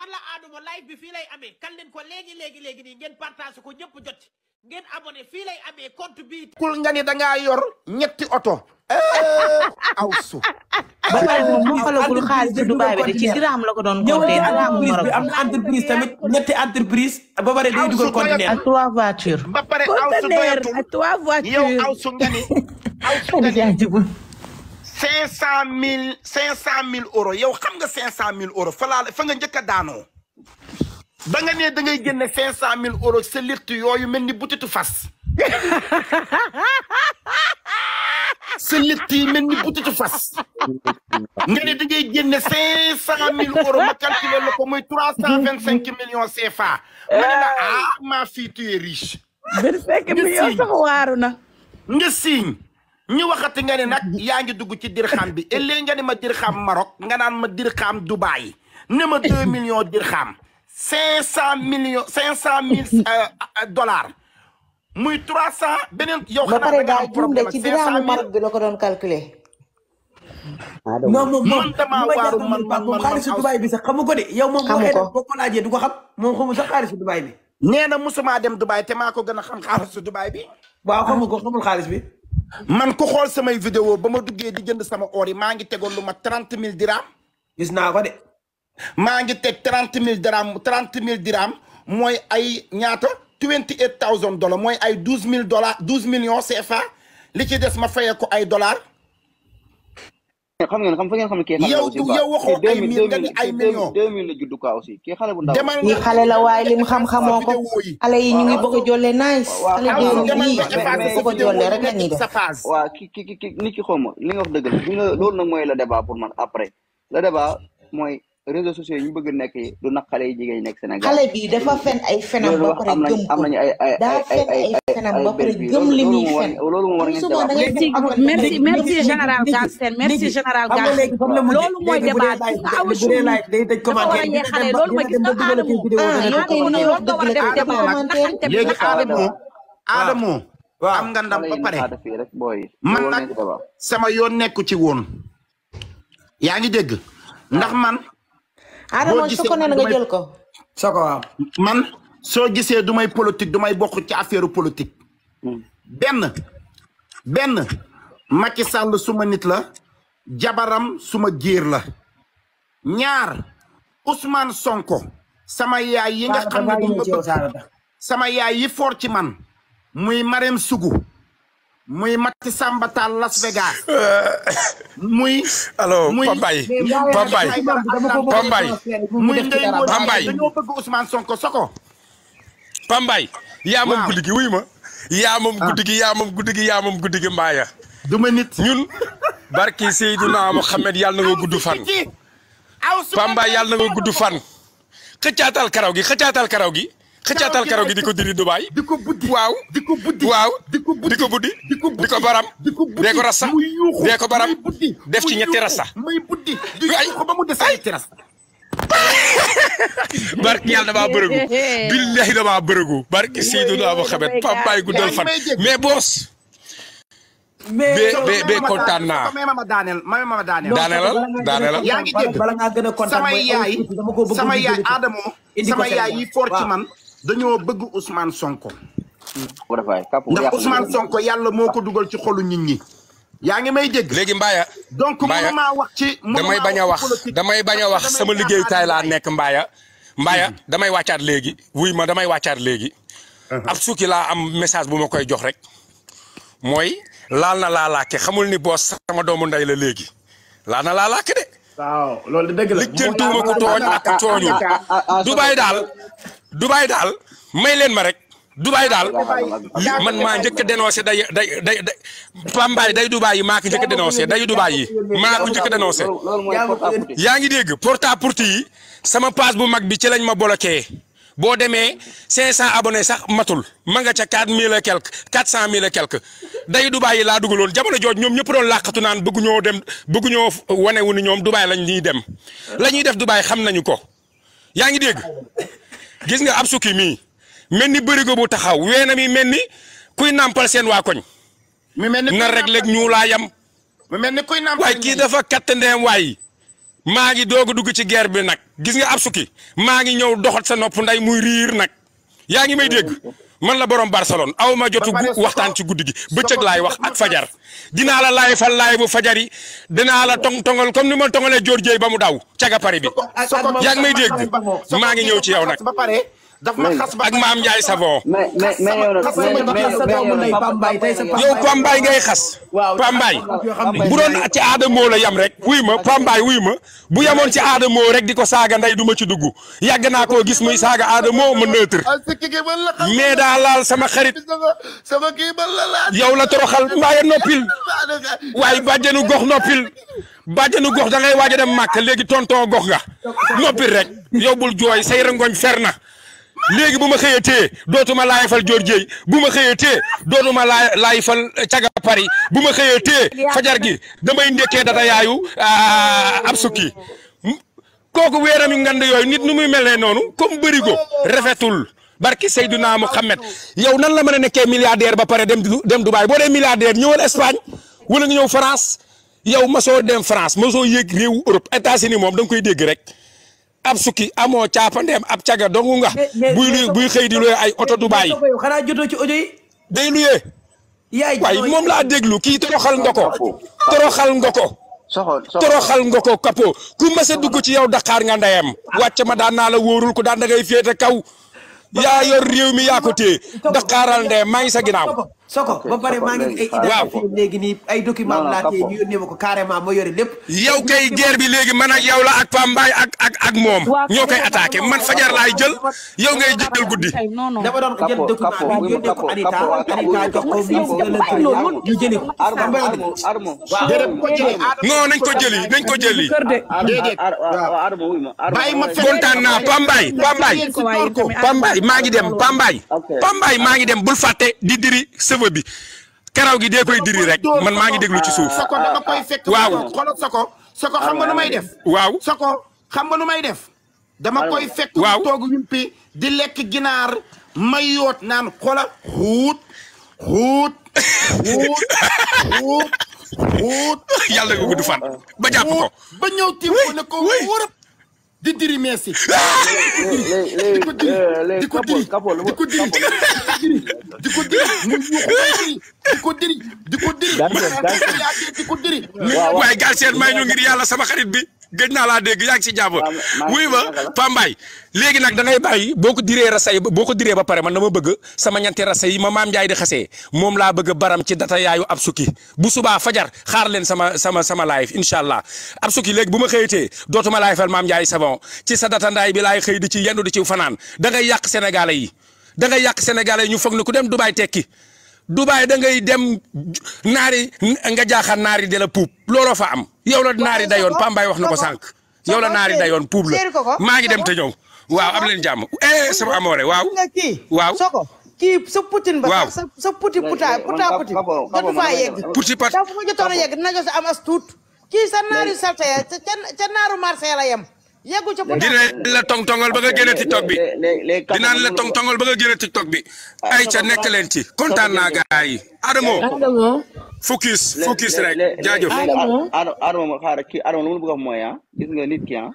alla aaduma live bi fii lay amee kan leen ko léegi léegi léegi nii ngeen partage ko ñëpp jot ngeen abonné fii lay amee compte bi kul nga ni dangaa yor ñetti oto eh, aw su ba pare moom moo xalagul xaalis bi Dubaay bi de ci dirham la ko doon compter dirham Maroc bi am na entreprise tamit ñetti entreprise ba pare day dugal conteneur ak trois voitures ba pare aw su doyatul yow aw su nga ni aw su nga ni cinq cent mille cinq cent mille euros yow xam nga cinq cent mille euros fa laa fa nga njëkk a daanoo ba nga ne da ngay génne cinq cent mille euros sa litt yooyu mel ni butitu fas sa litt yi mel ni butitu fas nga ne da ngay cinq cent mille euros ma calculer la ko trois cent vingt cinq millions CFA ma ne ah, nga siiñ ñu waxati nga ne nag yaa ngi dugg ci dirxam bi ëllëg nga ne ma dirxam Maroc nga naan ma dirxam Dubaï ne ma deux millions dirxam cinq cent millions cinq cent mille euh, dollars muy trois cent beneen yow xanaa da nga am problème ak cinq cent mille ba pare daa juum de ci dirhamu Maroc bi la ko doon calculer. Ah, non moom moom damaa waaru man man man xaalisu Dubaï bi sax xamu ko de yow moom boo ko laajee du ko xam moom xamu sax xaalisu Dubaï bi nee na mosumaa dem Dubaï te maa ko gën a xam xaalisu Dubaï bi waaw xamu ko xamul xaalis bi man ku xool samay vidéo ba ma duggee di jënd sama or yi maa ngi tegoon lu ma trente mille dirham. gis naa ko de. maa ngi teg trente mille dirham trente mille dirham mooy ay ñaata twenty eight thousand dollars mooy ay douze mille dollars douze millions CFA li ci des ma fayee ko ay dollars. xam ngeen xam fa ngeen xam ne kii xale la aussi yow yow waxoo ay mi nga ni ay millions deux mille la judd quoi aussi kii xale bu ndaw ñi xale la waaye lim xam-xamoo ko a jolle nice xale déeru yi bëgg a jolle rek ki ki ki nit ki xawma li nga wax la loolu nag man après le débat mooy réseaux sociaux yi ñu bëgg nekk du nag xale yi jigéen yi nekk Sénégal. xale bi dafa fen ay fenam ba pare gëm ko fen li muy loolu moo war ngeen jàpp merci merci général Galsen merci général Galsen loolu mooy débat bi nga aw si dafa war a yee xale loolu ma gis nga Adamo ah, loolu nga war a def débat ndaxante bi nga Adamo Adamo ah. am nga ndam ba pare sama yoon nekku ci woon yaa ngi dégg ndax man Adama su ko nee na nga jël soo man soo gisee du may politique du may ci affaire politique. benn benn Macky Sall suma nit la jabaram suma géer la ñaar Ousmane Sonko sama yaay yi nga xam ne sama yaay yi foor ci man muy Marème Sougou muy Mati Samba Tall Las Vegas. muy. alors Pambay Pambay Pambay muy Ndeye Pambay dañoo bëgg Ousmane Sonko yaa moom guddi gi wuy ma. Ah. yaa moom guddi gi yaa moom guddi gi yaa du ma nit ñun. barki Seydina Mohamed yàlla na nga gudd fan. Pambay yàlla na nga gudd fan. xëccaatal karaw gi xëccaatal karaw gi. xëccaatal karaw gi di ko diri Dubaay. di ko waaw. di ko buddi waaw di ko buddi ko buddi. di ko ko baram. di ko buddi dee ko rassa. muy yuuxu baram def ci ñetti rassa. muy buddi di ba mu des ñetti rassa. barki yàlla damaa bërëgu. billahi ba bërëgu. barki Seydina Muhammad bo Baye guddal fan mais boos. mais be be kontaan naa. mais ma daaneel ma ma daaneel. daaneelal daaneelal. yaa ngi dégg yi for man. dañoo bëgg Ousmane Sonko. ndax Ousmane Sonko yàlla moo ko dugal ci xolu nit ñi. yaa ngi may dégg. léegi Mbaye. donc mënu maa wax ci. damay bañ a wax damay bañ a wax sama liggéeyukaay laa nekk Mbaye. Mbaye mhm. damay wàccaat léegi wuy ma damay wàccaat léegi. Mhm. ab suuki laa am message bu ma koy jox rek. mooy laal na laalaake xamul ni boo sama doomu nday la léegi laal na laalaake de. waaw loolu dëgg la tooñ ak tooñul. Ah, ah, ah, Dubaay daal. Dubaay daal may leen ma rek Dubaay daal man maa njëkk a dénoncé day day day Pambaay day Dubaay yi maa ko njëkk a dénoncé dayu Dubaay yi maa ko njëkk a dénoncé yaa ngi dégg porte à porte yi sama passe bu mag bi ci lañ ma boloke boo demee 500 abone sax matul ma nga ca 4000 et quelque 400000 et quelque dayu Dubaay yi laa dugaloon jamono jooj ñoom ñëpp doon làqatu naan bëgguñoo dem bëgguñoo wane wu ni ñoom Dubaay lañ ñuy dem la ñuy def Dubaay xam nañu ko yaa ngi dégg. gis nga ab sukki mii mel ni bërigo bu taxaw weenam mi mel ni kuy nàmpal seen waa koñ. mi mel ni na rek léeg ñu yam. mu mel ni kuy nàmpal waaye kii dafa katt ndeem waay maa ngi doog a dugg ci ger bi nag gis nga ab sukki maa ngi ñëw doxat sa noppu nday muy riir nag yaa ngi may dégg. man la borom Barcelone aw ma jotu waxtaan ci guddi gi bëccëg laay wax ak fajar dinaa la laay fal laay bu fajar yi dinaa la tong tongal comme ni ma tongalee Dior Dieye ba mu daw caga pari bi yaa ngi may dégg maa ngi ñëw ci yow nag. daf ma xas ba ak maam Ndiaye Savon. mais mais mais yow nag yow Pambaay ngay xas. waaw Pambaay bu doon ci aadamoo la yam rek. wuy ma Pambaay wuy ma bu yamoon ci aadamoo rek di ko saaga ndey du ma ci dugg yàgg naa koo gis muy saaga aadamoo ma neutre. mais daa laal sama xarit. yow la toroxal waaye noppil. waaye bàjjenu gox noppil. bàjjenu gox da ngay waaj a dem màkk léegi tonton gox nga. noppil rek yobul bul jooy say rangoñ fer na léegi bu ma xëyee tee dootuma laayfal Dior Dieye bu ma xëyee tee dootuma laay laayfal caga Paris bu ma xëyee tee fajar gi damay ndekkee data yaayu ah, ah, ab sukki kooku weeram yu ngand yooyu nit nu muy mel ne noonu comme bërigo rafetul barki Seydouna Mohamed yow nan la mën a nekkee milliardaire ba pare dem dem Dubaay boo dee milliardaire ñëwal Espagne wala nga ñëw France yow ma soo dem France ma soo yéeg réewu Europe États-Unis moom da koy dégg rek. ab sukki amoo caapandeem ab caga dongu nga. buy luy buy xëy di luye ay oto Dubaay. xanaa jotoo ci audio yi. luye. yaay waay moom laa déglu kii toroxal nga ko. toroxal nga ko. toroxal nga ko kapo ku mas a dugg ci yow Dakar nga ndeyam. Ah. wàcc ma daan naa la wóorul ku daan da ngay féete kaw. yaa yor réew mi yaa ko téye Dakaral ndeyam maa ngi sa ginnaaw. soko ba pare maa ngi ay identifié léegi nii ay document laa tee ñu lépp yow kay guerre bi léegi man ak yow la ak Pam Mbaye ak ak ak moom ñoo koy attaqué man fajar laay jël yow ngay jël guddi dama doon jël document bi yónnee ko Anita Anita jox ko ñu ñu jëli ko armo non nañ ko jëli nañ ko jëli déedéet bàyyi ma kontaan naa Pam Mbaye Pam Mbaye Pam Mbaye maa ngi dem Pam Mbaye Pam Mbaye maa ngi dem bul fàtte di diri cheveux bi karaw gi dee koy diri rek man maa ngi déglu ci suuf. soko dama koy fekk. waaw xoolal soko soko xam nga nu may def. waaw soko xam nga nu may def. dama koy fekk. waaw toog yumpi di lekk ginaar may yoot naan xoolal xuut xuut xuut xuut xuut. yàlla gudd fan. ba jàpp ko ba ñëw tiim ko ne ko di diri meesi. di ko diri di ko diri di ko diri di ko diri di ko diri di ko diri. di ko diri. waaw waaye Galsen may ñu ngir yàlla sama xarit bi. gëj naa laa dégg yaa ngi si jàmm. wuy ma Pambaay léegi nag da ngay bàyyi boo ko diree rasa yi boo ko diree ba pare man dama bëgg sama ñeenti rasa yi ma maam Ndiaye di xasee moom laa bëgg baram ci data yaayu ab sukki bu subaa fajar xaar leen sama sama sama live incha allah ab sukki léegi bu ma xëyatee dootuma laay fal maam Ndiaye savon ci sa data ndaay bi laay xëy di ci yendu di ci fanaan da ngay yàq sénégalais yi da yàq sénégalais yi ñu foog ne ku dem Dubaay tekki Dubaay da ngay dem naari nga jaaxal naari de la puub looloo fa am yow la naari dayoon Pambaay wax na ko sànq yow la naari dayoon puub la maa ngi dem ta ñëw waaw am leen jàmm eh sama amoore waaw waaw. kii sa putin ba sa sa puti puta puta puti jotu faa yegg puti pat dafa ma jotoon a yegg dina jot am as kii sa naaru salté ca ca naaru marché la yem yeggu ca dinañ la tong tongal ba nga génne tiktok bi dinañ la tong tongal ba nga génne tiktok bi ah, ay ca nekk leen ci kontaan naa gaa yi Adamo focus focus rek jaajëf Adamo ma xaaral kii Adamo lu mu bëgg a wax mooy ah, gis nga nit ki ah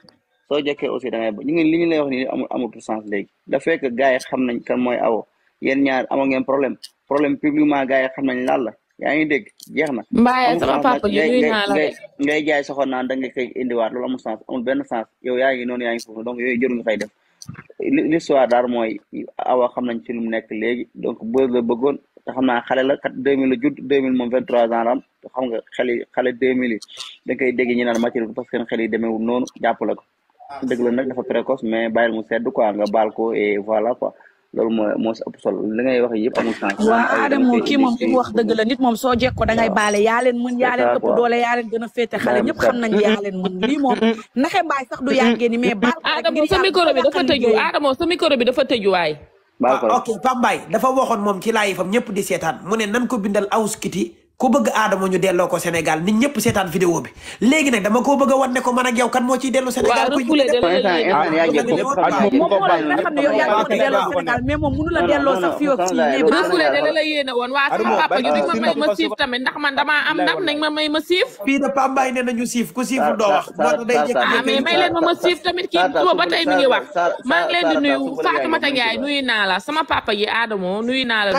soo jekkee aussi da ba ñu ngi li ñu lay wax nii amul amul sens léegi da fekk gaa yi xam nañ kan mooy awo yéen ñaar amoo ngeen problème problème publiquement gaa yi xam nañ lan la yaa ngi dégg jeex na. mbaaye sama papa ji nuyu naa naan da nga koy indiwaat loolu amul sens amul benn sens yow yaa ngi noonu yaa ngi foofu donc yooyu jëru nga fay def l'histoire daal mooy awa xam nañ ci lu mu nekk léegi donc bër la bëggoon te xam naa xale la kat deux mille la judd deux mille moom vingt trois xam nga xel yi xale deux mille yi da nga koy dégg ñu naan maturité parce que xel yi demeewul noonu jàpp la ko ah, dëgg la nag dafa précoce mais bàyyil mu sedd quoi nga baal ko et voilà quoi loolu moo moo si ëpp solo li ngay wax yëpp amul sens. kii moom li wax dëgg la nit moom soo jekkoo da ngay baale yaa leen mën yaa leen doole yaa leen gën a féete xale ñëpp xam nañ yaa leen mën lii moom naxe baay sax du yàggee ni mais baal Adamo sa micro bi dafa tëju Adamo sa micro bi dafa tëju waay ah, ok Pambaay dafa waxoon moom ci laay fam ñëpp di seetaan mu ne nan ko bindal awuskiti ku bëgg aadama ñu delloo ko Sénégal nit ñëpp seetaan vidéo bi léegi nag dama koo bëgg a wan ne ko man a yow kan moo ciy dellu Sénégal. waaw refoulé de la la yéene woon waa sama papa gi duñ ma may ma siif tamit ndax man damaa am ma may ma siif. fii de Pambaay nee nañu siif ku siifu doo wax. Ah, mais leen ma ma siif tamit kii suba ba tey mi ngi wax maa leen di nuyu Fatoumata Ndiaye nuyu sama papa yi Adamo nuyu naa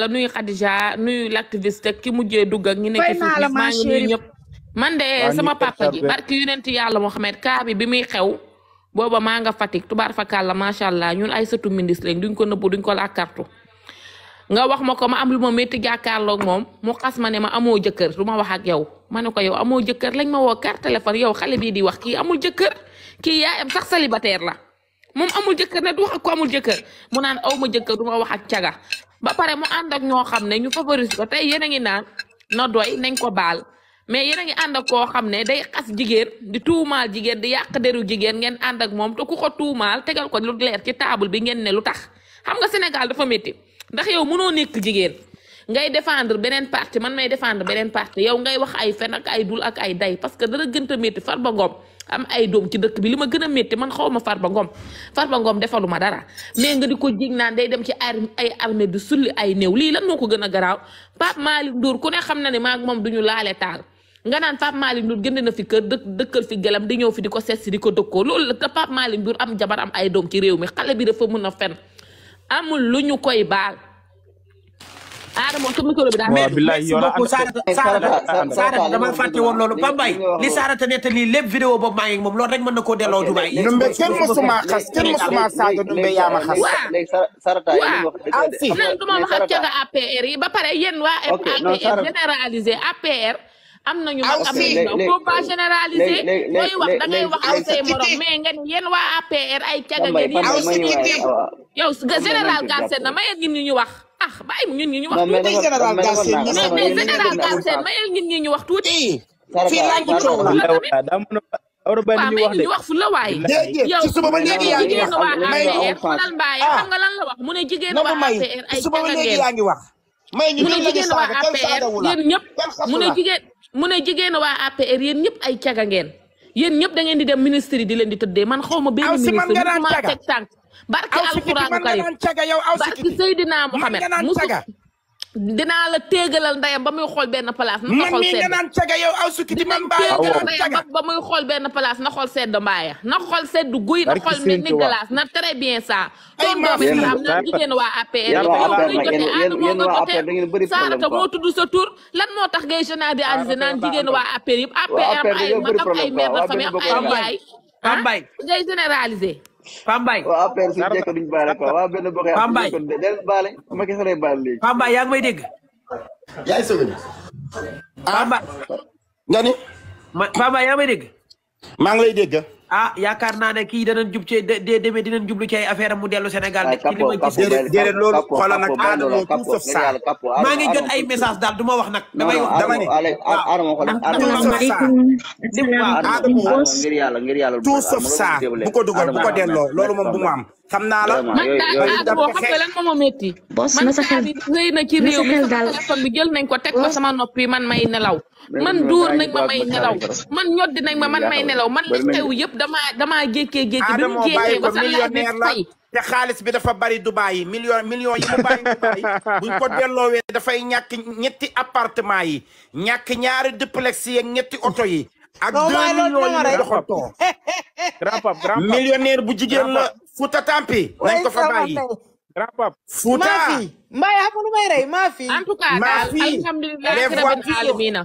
la lu Khadija nuyu l'activiste ki mujjee dugg ak ñu nekk fii maa ngi nuyu ñëpp man de sama papa ji barki yonent yàlla Mohamed kaa bi bi muy xew booba maa nga Fatick tubaar fakàl la macha allah ñun ay sëtu ministre lañ duñ ko nëbbu duñ ko làkkartu nga wax ma ko ma am lu ma métti jàkkaarloog moom mu xas ma ne ma amoo jëkkër du ma wax ak yow ma ne ko yow amoo jëkkër lañ ma woo carte téléphone yow xale bii di wax kii amul jëkkër kii yaayam sax célibataire la moom amul jëkkër ne du wax ak mu naan aw ma ma wax ak caga ba pare mu ànd ak ñoo xam ne ñu favorise ko tey yéen a ngi naan na doy nañ ko baal mais yéen a ngi ànd ak koo xam ne day xas jigéen di tuumaal jigéen di yàq deru jigéen ngeen ànd ak moom te ku ko tuumaal tegal ko lu leer ci table bi ngeen ne lu tax xam nga Sénégal dafa métti ndax yow mënoo nekk jigéen ngay défendre beneen parti man may defendre beneen parti yow ngay wax ay fen ak ay dul ak ay day parce que dara gënt a métti Farba Ngom am ay doom ci dëkk bi li ma gën a métti man xaw ma Farba Ngom Farba Ngom defalu ma dara mais nga di ko jig naan day dem ci ay armée du sulli ay néew lii lan moo ko gën a garaaw Pape Malick Ndour ku ne xam na ne maa moom du ñu laale taal nga naan Pape Malick Ndour génne na fi kër dëkk dëkkal fi gelam di ñëw fi di ko seet si di ko dëkkoo loolu la te Pape Malick am jabar am ay doom ci réew mi xale bi dafa mën a fen amul lu ñu koy baal. Adama sa micro bi daal. waaw billahi yow la am na Sarata dama fàtte woon loolu Pambay li Sarata nettali lépp vidéo boobu maa ngi moom loolu rek mën na koo delloo Dubaay. Dumbe kenn mësuma xas kenn mësuma saaga Dumbe yaa ma xas. waaw waaw nan du ma wax ak caga APR yi ba pare yéen waa APR généralisé APR. am nañu mag am nañu faut pas généraliser looy wax da ngay wax ak say morom mais ngeen yéen waa APR ay caga ngeen yow général Gassène na ma yéen ñu wax ah bàyyi ñun ñi ñu wax tuuti. général Galsen ñu ne mais général Galsen mayal ñun ñi ñu wax tuuti. fii laa la ñu wax fu la waay. yow su ma ngi wax ah. la wax mu ne jigéen waa APR ay suba ba léegi yaa ngi wax. may ñu ne jigéen APR yéen ñëpp mu ne jigéen mu ne jigéen waa APR yéen ñëpp ay caga ngeen yéen ñëpp da ngeen di dem ministre yi di leen di tëddee man xaw ma benn ministre barke alxuraanu karim barke Seydina Muhammad dinaa la téegalal ndeyam ba muy xool benn place. na xool sedd man mii nga naan caga yow aw sukkiti man ndeyam ba muy xool benn place na xool sedd mbaaya na xool sedd guy na xool mel ni glace na très bien ça. ay maam yéen a naan jigéen waa APR. yéen waa APR da sa tur lan moo tax ngay généraliser naan jigéen waa yëpp. APR ay mag ak ay mère de ay yaay. ah Pambay waa affaire suñu njëkk duñ baale quoi waa benn bokk yaa ngi baale ma gis lay baal léegi. Pambay yaa ngi may dégg. Ah, yaa ngi sëgën. ah Pambay. yaa may dégg. maa ngi lay dégg. ah yaakaar naa ne kii danañ jub ci de demee dinañ jublu ci affaire am mu dellu Sénégal de ci li ma gis déedéet loolu xoolal nag aada moo tout sauf ça maa ngi jot ay message daal du ma wax nag damay wax dama ne waaw aada moo ko dugal bu ko delloo loolu moom bu mu am xam naa la man daal boo xam nga lan moo ma métti bos na sa xel ci réew jël nañ ko teg ko sama noppi man may nelaw man dóor nañ ma may nelaw man ñoddi nañ ma man may nelaw man li xew yëpp dama damaa jékkee jékki bi mu jékkee ba xaalis bi dafa bari Dubaay yi million million yi mu Dubaay buñ ko delloowee dafay ñàkk ñetti appartement yi ñàkk ñaari duplex yi ñetti oto yi ak deux millions yi doxatoo grand grand pap millionnaire bu jigéen la Fouta Tampi nañ ko fa grand pap Fouta maa fi mbaay may rey maa fi en tout cas daal alhamdulilah rabbil alamin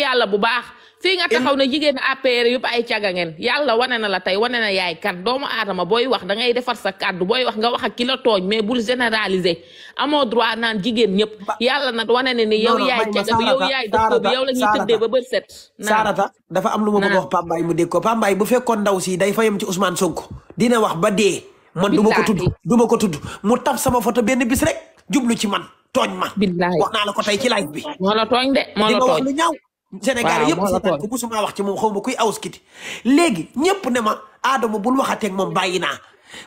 yàlla bu baax fii nga taxaw ne jigéen APR yëpp ay caga ngeen yàlla wane na la tey wane yaay kat doomu aadama booy wax da ngay defar sa kàddu booy wax nga wax a ki la tooñ mais bul généraliser amoo droit naan ñëpp yàlla nag wane na ne yow yaay caga bi yow yaay dëkk bi yow la ñuy tëddee ba bër set saarata dafa am lu ma bëgg wax Pambaay mu dégg ko Pambaay bu fekkoon ndaw si day fayam ci Ousmane Sonko dina wax ba dee man du ma ko tudd du ma ko tudd mu taf sama footo benn bis rek jublu ci man tooñ ma wax naa la ko tey ci live bi moo la tooñ de moo la tooñ Sénégal yëpp seetaan ko musuma wax ci moom xaw ma kuy awuskiti léegi ñëpp ne ma Adama bul waxateeg moom bàyyi naa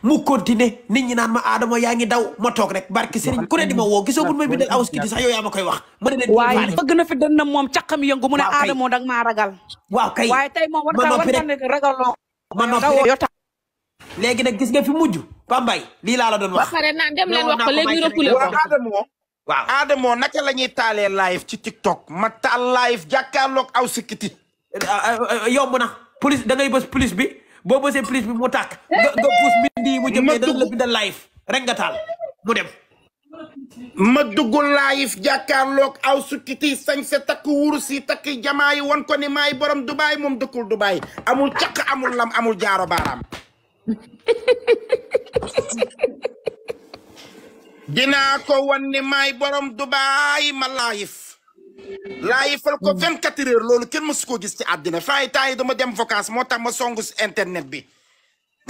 mu continuer nit ñi naan ma Adama yaa ngi daw ma toog rek barki Serigne ku ne di ma woo gisoo bul ma bindal awuskiti sax yow ma koy wax ma ne leen waaye bëgg na fi dënn moom caqam yëngu mu ne Adama danga maa ragal waaw kay waaye tey moom war naa war naa ragal loo ma noppi rek léegi nag gis nga fi mujj Pambay lii laa la doon wax ba pare naan dem leen wax ko léegi reculé waaw Adamo naka la ñuy taalee live ci TikTok ma taal live jàkkaarloog aw sikkiti eh, ah, ah, ah, yomb na police da ngay bës police bi boo bësee police bi mu tàkk nga nga puus mbind yi mu jëmee dana la bindal live rek nga taal mu dem ma dugg live jàkkaarloog aw sikkiti sañ sa takk wurus yi takk jamaa yi wan ko ni maay borom Dubaay moom dëkkul Dubaay amul caq amul lam amul jaaro baaraam dinaa ko wan ne maay borom Dubaay ma laayif laayifal ko 24 heures loolu kenn mësu koo gis ci àddina faay taay dama dem vacance moo tax ma songu internet bi.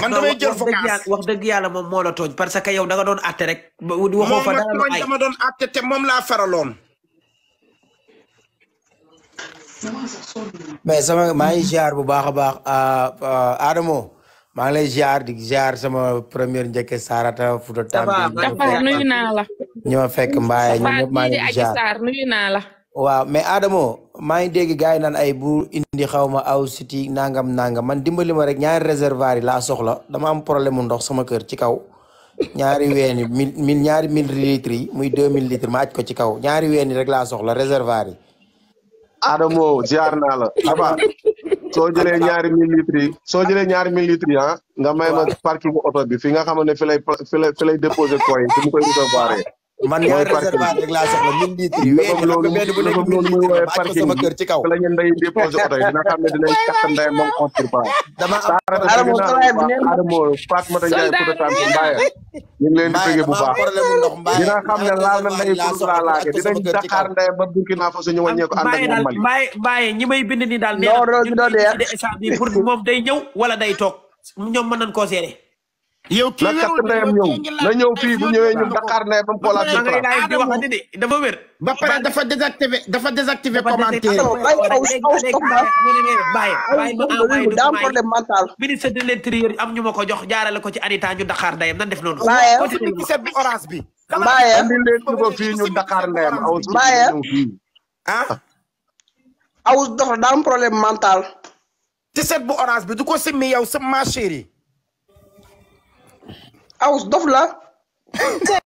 man damay jël vacance wax dëgg yàlla moom moo la tooñ parce que yow da doon àtte rek. waxoo fa dara moom dama doon àtte te moom laa faraloon. mais sama maa ngi ziar bu baax a baax euh, euh, Adamo. maa ngi lay ziar di ziar sama première njëkke Sarata Fouta Tampi. Tapha nuyu naa la. ñu ma fekk Mbaye ñun ñëpp maa ngi leen waaw mais Adamo maa ngi dégg gars yi naan ay bu indi xaw ma aw siti nangam nangam man dimbali ma rek ñaari réservoir yi laa soxla dama am problème mu ndox sama kër ci kaw. ñaari ween yi mille ñaari mille litres yi muy deux mille litres ko ci kaw ñaari yi rek laa soxla réservoir yi. Adamo ziar naa la. soo jëlee ñaari mille litres yi soo jëlee ñaari mille ah nga may ma parking oto bi fi nga xam ne fi lay fi lay fi lay déposé coin fi mu koy recevoir man ñaar réservoir rek laa soxla mille litres yi ma aj moom bu ba Burkina Faso ñu wàññee ko ànd ak moom Mali Mbaye Mbaye ñi daal nee na ñu moom day ñëw wala day toog ñoom mën nañ koo yow kii wérul na ñëw fii bu ñëwee Dakar ne ba mu xoolaat dafa wér. ba pare dafa désactivé dafa désactivé commentaire. daa am problème mental. ministre de l'intérieur ñu ma ko jox jaarale ko ci Anita ñu Dakar ndeyam nan def noonu. Mbaye bi orange bi. Mbaye andi leen ko fii ñu Dakar ah? problème mental. tiset bu orange bi du ko simmi yow sa ma chérie aws dof la.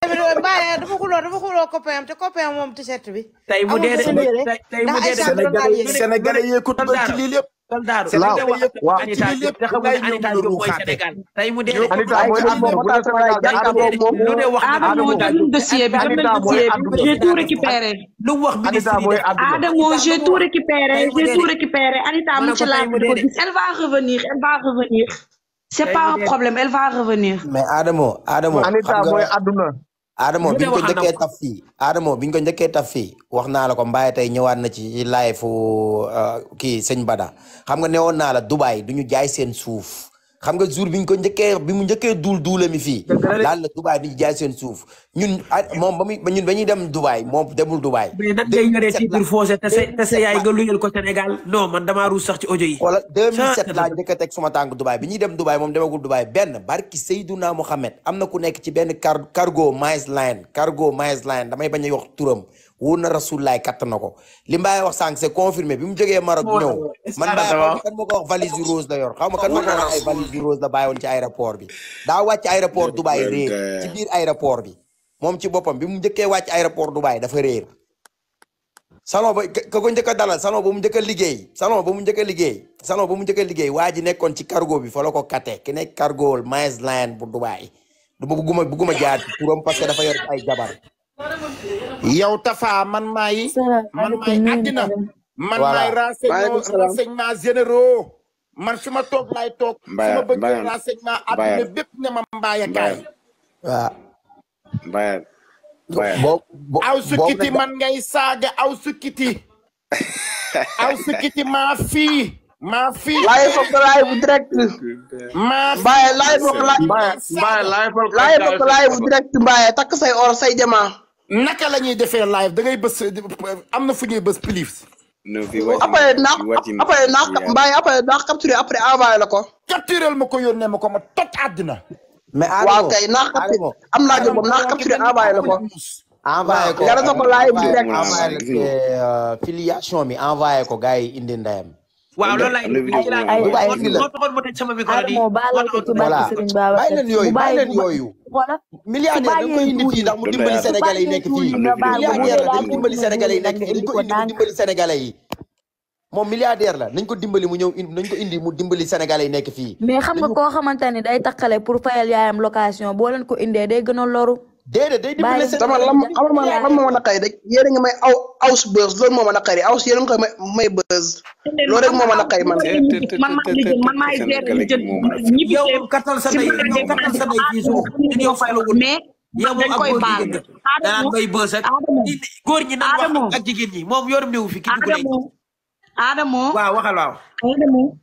dafa xuloo dafa xuloo copain am te copain moom t-shirt bi. tey mu dee de Sénégalais yee ko dugal ci lii lépp. soldaaru waaw Anita te xamul ne Anita Diop mooy Sénégal tey mu dee de. Anita mooy Adamo dossier bi Adamo dossier bi j'ai tout récupéré. lu wax ministre bi Adamo j'ai tout récupéré j'ai tout récupéré Anita mu ci laaj ko gis elle va revenir elle va revenir. c' est pas problème elle va revenir. mais Adamo Adamo Anita mooy àdduna. Adamo biñ ko njëkkee taf fii Adamo biñ ko njëkkee taf fii wax naa la ko mbaay tey ñëwaat na ci live uh, kii sëñ Bada xam nga newoon naa la Dubaay du ñu jaay seen suuf. xam nga jour bi ñu ko njëkkee bi mu njëkkee duul duule mi fii. laal la Dubaay di jaay seen suuf ñun ah, moom ba muy ñun ba dem Dubaay moom demul Dubaay. mais nan ngay ñoree titre foncier te sa te sa yaay yi. wala 2007 laa njëkk a teg suma tànk Dubaay bi ñuy dem Dubaay moom demagul Dubaay benn barki Seydouna Mohamed am na ku nekk ci benn car cargo miles line cargo miles line damay bañ a wax turam. wóor na Rasulullah katt na ko li Mbaye wax sànq c'est confirmé bi mu jógee Maroc ñëw man Mbaye kan moo ko wax valise rose la yor xaw ma kan moo ko wax ay valise rose la bàyyiwoon ci bi daa wàcc aéroport Dubaï réer ci biir aéroport bi moom ci boppam bi mu njëkkee wàcc aéroport Dubaï dafa réer salon ba ka ko njëkk a dalal salon mu njëkk a liggéey salon ba mu njëkk a liggéey salon ba mu njëkk liggéey waa ji nekkoon ci cargo bi folo ko katte ki nekk cargo Maersk Line bu Dubaï du ma bugguma bugguma jaar ci turam parce que dafa yor ay jabar yow Tafa man maay. man maay àddina. man maay man su toog laay toog. mbaya su ma bëggee renseignement ne ma mbaaya kaay. aw sukkiti man ngay saaga aw sukkiti. aw sukkiti maa fii. maa fii laay foog laay bu direct. maa fii mbaaya laay foog laay. direct mbaaya takk say or naka la ñuy defee live da ngay bës am na fu ñuy bës plus. non fii après après naa mbaay après naa capturé après envoyé ko. capturé ma ko yónnee ma ko ma toj àddina. mais waaw kay naa capturé am naa jëm moom naa capturé envoyé la ko. bi filiation bi envoyé ko gars yi indi ndeyam. waaw loolu laay moo taxoon mu tëj sama micro di voilà bàyyi leen yooyu bàyyi leen yooyu milliardaire dañ koy indi fii ndax mu dimbali sénégalais yi nekk fii milliardaire la dañ dimbali sénégalais yi nekk dañ ko yi moom milliardaire la nañ ko dimbali mu ñëw indi nañ ko indi mu dimbali sénégalais yi nekk fii mais xam nga koo xamante ne day takkale pour fayal yaayam location boo leen ko indee day gën a déedéet day dimbali seen dama lan a lan ma rek yéen a ngi may aw aws buzz loolu a ma naqari aws yéen a ngi koy may may loolu rek moo ma kay man. man man maa ngi jël ñibbi yow kattan sa day yow kattan sa day ci suuf yow fay la wut koy baal danaan bay ñi naan wax ak jigéen ñi moom yoonam newu fi kii dugg Adamo waaw waxal waaw Adamo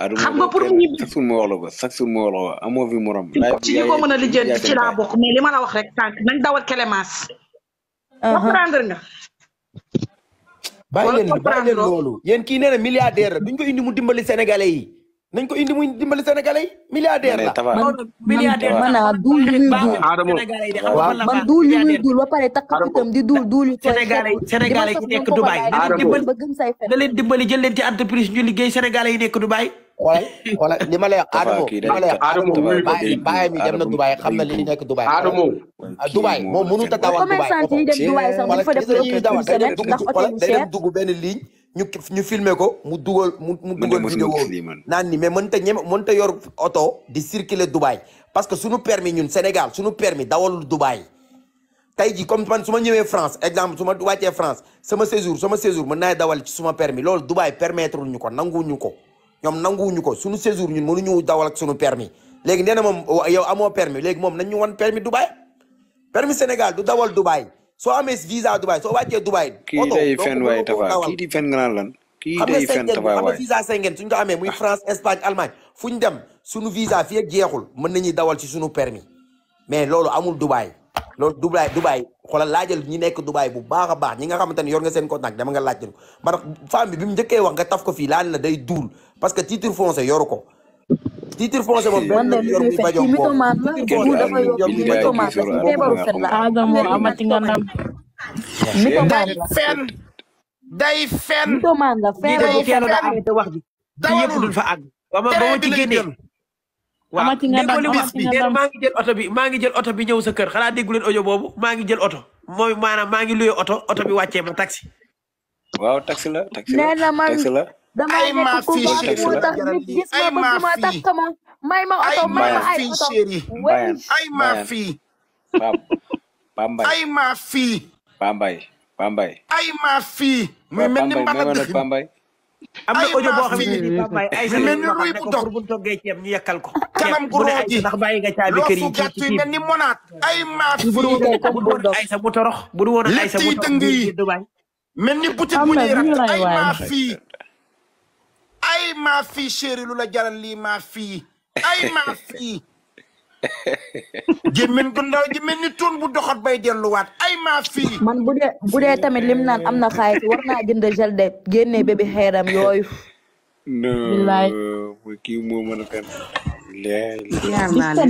xam nga pour ñibbi sax suñu ma wax fi morom. ci ñu ko mën a lijjanti ci laa bokk mais li ma la wax rek tànk nañ dawal Kelemans. Uh-huh. comprendre nga. bàyyi kii nee na milliardaire la duñ ko indi mu dimbali sénégalais yi ko indi mu dimbali sénégalais yi milliardaire la. man milliardaire man ah duul li muy duul. waaw man duul ba pare takk itam di duul duul nekk Dubaï. da leen dimbali jël leen ci entreprise ñu liggéey sénégalais yi nekk xoolal xoolal li ma lay wax Adamo li ma lay wax Adamo bàyyi mi dem na Dubaay xam na li nekk Dubaay. Adamo ah, Dubaay moom mënut a dawal Dubaay xoolal gis nañu dawal day dem dugg xoolal day dem benn ligne ñu ñu filmer ko mu dugal mu mu dugal vidéo naan ni mais mënut a ñeme mënut a yor oto di circuler Dubaay parce que su suñu permis ñun Sénégal suñu permis dawalul Dubaay. tey jii comme man su ma ñëwee France exemple suma ma wàccee France sama séjour sama séjour mën naa dawal ci suma permis loolu Dubaay permettre ñu ko nanguwuñu ko. ñoom nanguwuñu ko suñu séjour ñun mënuñu dawal ak suñu permis léegi nee na moom yow amoo permis léegi moom nañ ñu wan permis Dubaï permis Sénégal du dawal Dubaï soo amee visa Dubaï soo wàccee Dubaï. kii day fen waay tafa kii di fen nga naan lan. kii day fen tafa waay xam nga visa Schengen suñ ko amee muy France Espagne Allemagne fu ñu dem suñu visa fii ak jeexul mën nañuy dawal ci suñu permis mais loolu amul Dubaï loolu Dubaay Dubaay xoola laajal ñi nekk Dubaay bu baax a baax ñi nga xamante ne yor nga seen contact dama nga laaj leen ko man bi bi mu njëkkee wax nga taf ko fii laal la day duul parce que titre foncier yoru ko. titre foncier moom benn la yor muy bajoon moom day fen day fen day fen day fen day fen day fen day fen day fen day fen day fen day fen day fen day fen day fen amati nga daan amati jël oto bi maa ngi jël oto bi ñëw sa kër xanaa déggu leen audio boobu maa ngi jël oto mooy maanaam maa ngi luye oto oto bi wàccee ma taxi. waaw taxi la taxi la taxi la. ay ma fii chérie ay ma fii ay oto ay ma fii. ay ma fii. Pambay Pambay. ay ma fii. muy mel ni mbala dëkk Pambay. am na audio boo xam ay sa mel bu dog pour bu toggee ceeb ñu yekkal ko. kanam gu roo ji ndax bàyyi nga caabi kër yi ci ci mel ni monaat ay maaf bu dul woon ay sa mu ay sa mu mel ni butik bu ñuy rat ay maa fii ay fii lu la jaral lii maa fii gémmiñ gu ndaw ji mel ni tuun bu doxat bay delluwaat ay maa fii. man bu dee bu tamit lim naan am na xaalis war naa jënd gel de génne bébé xeeram yooyu. bilaay kii moo mën a fen.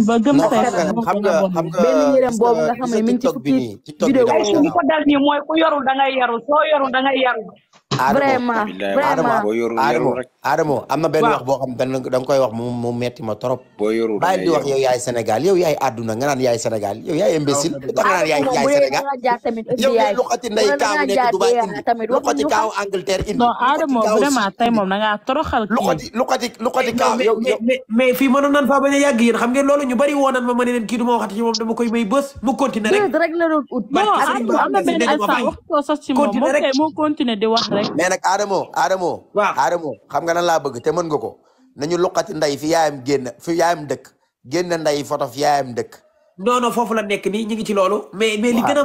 ba gëm say xam nga xam nga benn yërëm boobu nga xam ne mi ngi ci fukki vidéo bi ko dal nii mooy ku yorul da yaru soo yorul da yaru. vraiment vraiment Adamo Adamo na benn wax boo xam ne koy wax mu mu metti ma trop. boo yorul bàyyi di wax yow yaay Sénégal yow yaay àdduna nga naan yaay Sénégal yow yaay imbécile. da nga naan yaay yaay Sénégal yow yaay loxoti ndey kaaw Angleterre indi. non Adamo vraiment tey moom da ngaa toroxal kii. loxoti loxoti loxoti kaaw mais mais fii mënoon nan faa bañ a yàgg xam ngeen loolu ñu bari woo ma ma ne waxati moom dama koy may bës mu continuer rek. ko sos ci moom moom kay moo continuer di wax mais nag Adamo Adamo. waaw Adamo xam nga nan laa bëgg te mën nga ko na nañu luqati nday fi yaayam génn fi yaayam dëkk génn nday foto fi yaayam dëkk. non non foofu la nekk nii ñu ngi ci loolu. mais mais li gën a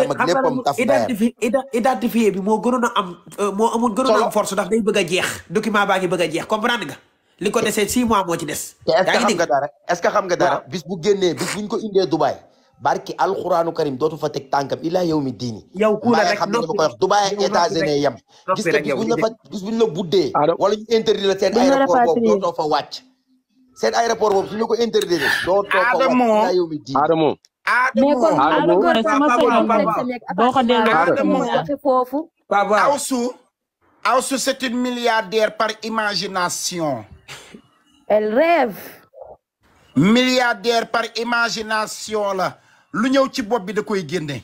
am importance bi moo gënoon a am euh, moo amul gënoon a am force ndax day bëgg jeex document baa ngi bëgg a jeex comprendre nga. li ko desee six mois moo des. yaa ngi dégg ce que xam nga dara bis ce que bis bu génnee bis buñ ko indee Dubaay barki alxuraanu karim dootu fa teg tànkam ila yow mi diini. yow ku la rek xam koy wax Dubaay États-Unis yam. gis nga bis bu ñu la fa bis bu ñu la buddee. Ah, wala ñu interdit la seen aéroport fa wàcc. seen aéroport boobu su ko interdit dootoo fa wàcc ila yow mi foofu. Awsu Awsu c'est une milliardaire par imagination. elle rêve. milliardaire par imagination la. lu ñëw ci bopp bi da koy génne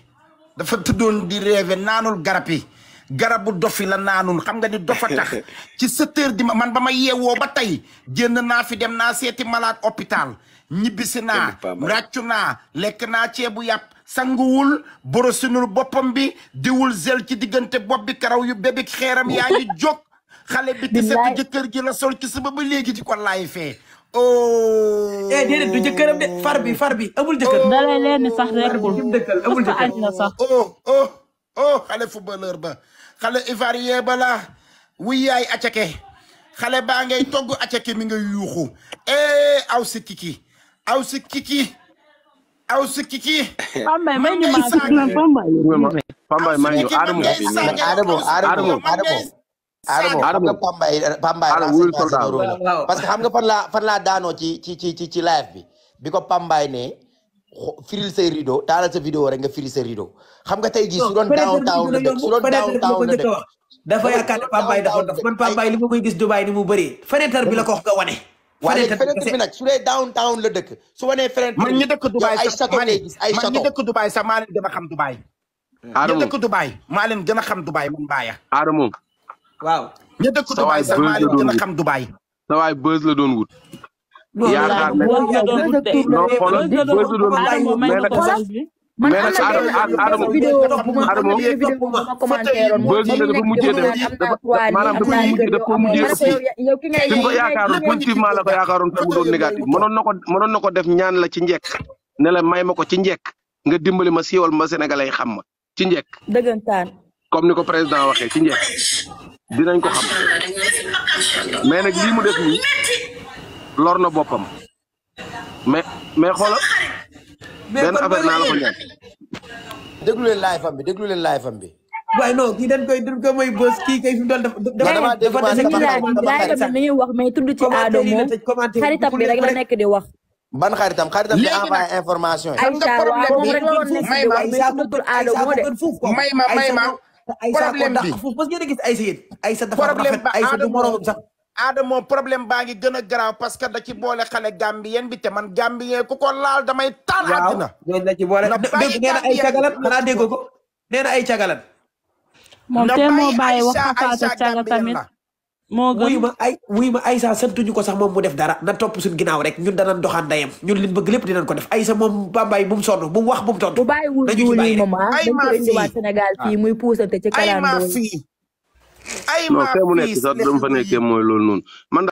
dafa tëddoon di rêve naanul garab yi garabu dofi la naanul xam nga ni dofa tax ci sept heures ma man ba ma yeewoo ba tey génn naa fi dem naa seeti malaat hôpital ñibbisi naa ràccu naa lekk naa ceebu yàpp sanguwul borosinul boppam bi diwul zel ci diggante bopp bi karaw yu bébik xeram yaa ngi xale bi di seet jëkkër gi la sol ci suba ba léegi di ko laay fee oh. eh déedéet du jëkkëram de far bi far bi amul jëkkër. Oh. da lay leen ni sax rekkul amul jëkkër sax. oh oh oh xale footballeur ba xale ivoirien ba la wuy yaay acake xale baa ngay togg acake mi nga yuuxu eh aw si aw si kiki. aw si kiki. Pambay may ñu maa Pambay maa ngi Adamo Adamo Adamo Adamo xam nga Pambay Pambay parce que xam nga fan laa fan laa daanoo ci ci ci ci live bi bi ko Pambay ne firil say rideau taalal sa vidéo rek nga firil say rideau xam nga tey jii su doon downtown la dëkk su doon downtown la dëkk dafa yaakaar ne Pambay dafa dof man Pambay li ma koy gis Dubaay ni mu bëri fenêtre bi la ko wax nga wane waaye fenêtre bi nag su dee downtown la dëkk su wanee fenêtre man ñi dëkk Dubaay ay château ngay gis ay château man ñi dëkk Dubaay sax maa leen gën a xam Dubaay ñi dëkk Dubaay maa leen gën a xam Dubaay man Baaya Adamo waaw. ñu dëkk Dubaay sax maa leen gën a sa waay bës la doon wut. yaakaar ne bës la doon wut de non xoolal bës la doon wut mais nag mais nag Adama Adama bës la dafa mujjee dem dafa maanaam dafa mujjee dafa mujjee ëpp fi mu ko yaakaaroon la ko yaakaaroon te mu doon négatif mënoon na ko mënoon na ko def ñaan la ci njek ne la may ma ko ci njekk nga dimbali ma siiwal ma sénégalais yi xam ma ci njekk. dëggantaan. comme ni ko président waxee ci njekk. dinañ ko xam mais nag lii mu def nii lor na boppam mais mais xoola benn affaire naa la ko ñaan déglu leen laay fam bi déglu leen laay fam bi waaye non kii dañ koy dañ koy may bës kii kay fi mu doon dafa dafa dañuy wax mais tudd ci aado moom xaritam bi rek la nekk di wax ban xaritam xaritam bi envoyé information yi Aïcha waaw moom rek may ma may ma ay sa ko dàq foofu parce que yéen a gis ay sa yéen dafa rafet ay sa du moroom sax Adamo problème baa ngi gën a garaaw parce que da ci boole xale gambien bi te man gambien ku ko laal damay taal àddina waaw da ci boole dégg nee na ay cagalan xanaa déggoo ko nee na ay cagalan moom te moo bàyyi wax fafaata caga tamit moo gën wuy ma ay wuy ma Aïssa santuñu ko sax moom mu def dara na topp suñ ginnaaw rek ñun danañ doxaan dayam ñun liñ bëgg lépp dinañ ko def Aïssa moom bambaay bu mu sonn bu mu wax bu mu tontu. dañu ci bàyyi rek ay ma ay ma fii ay ma fii non fee mu fa nekkee mooy loolu noonu man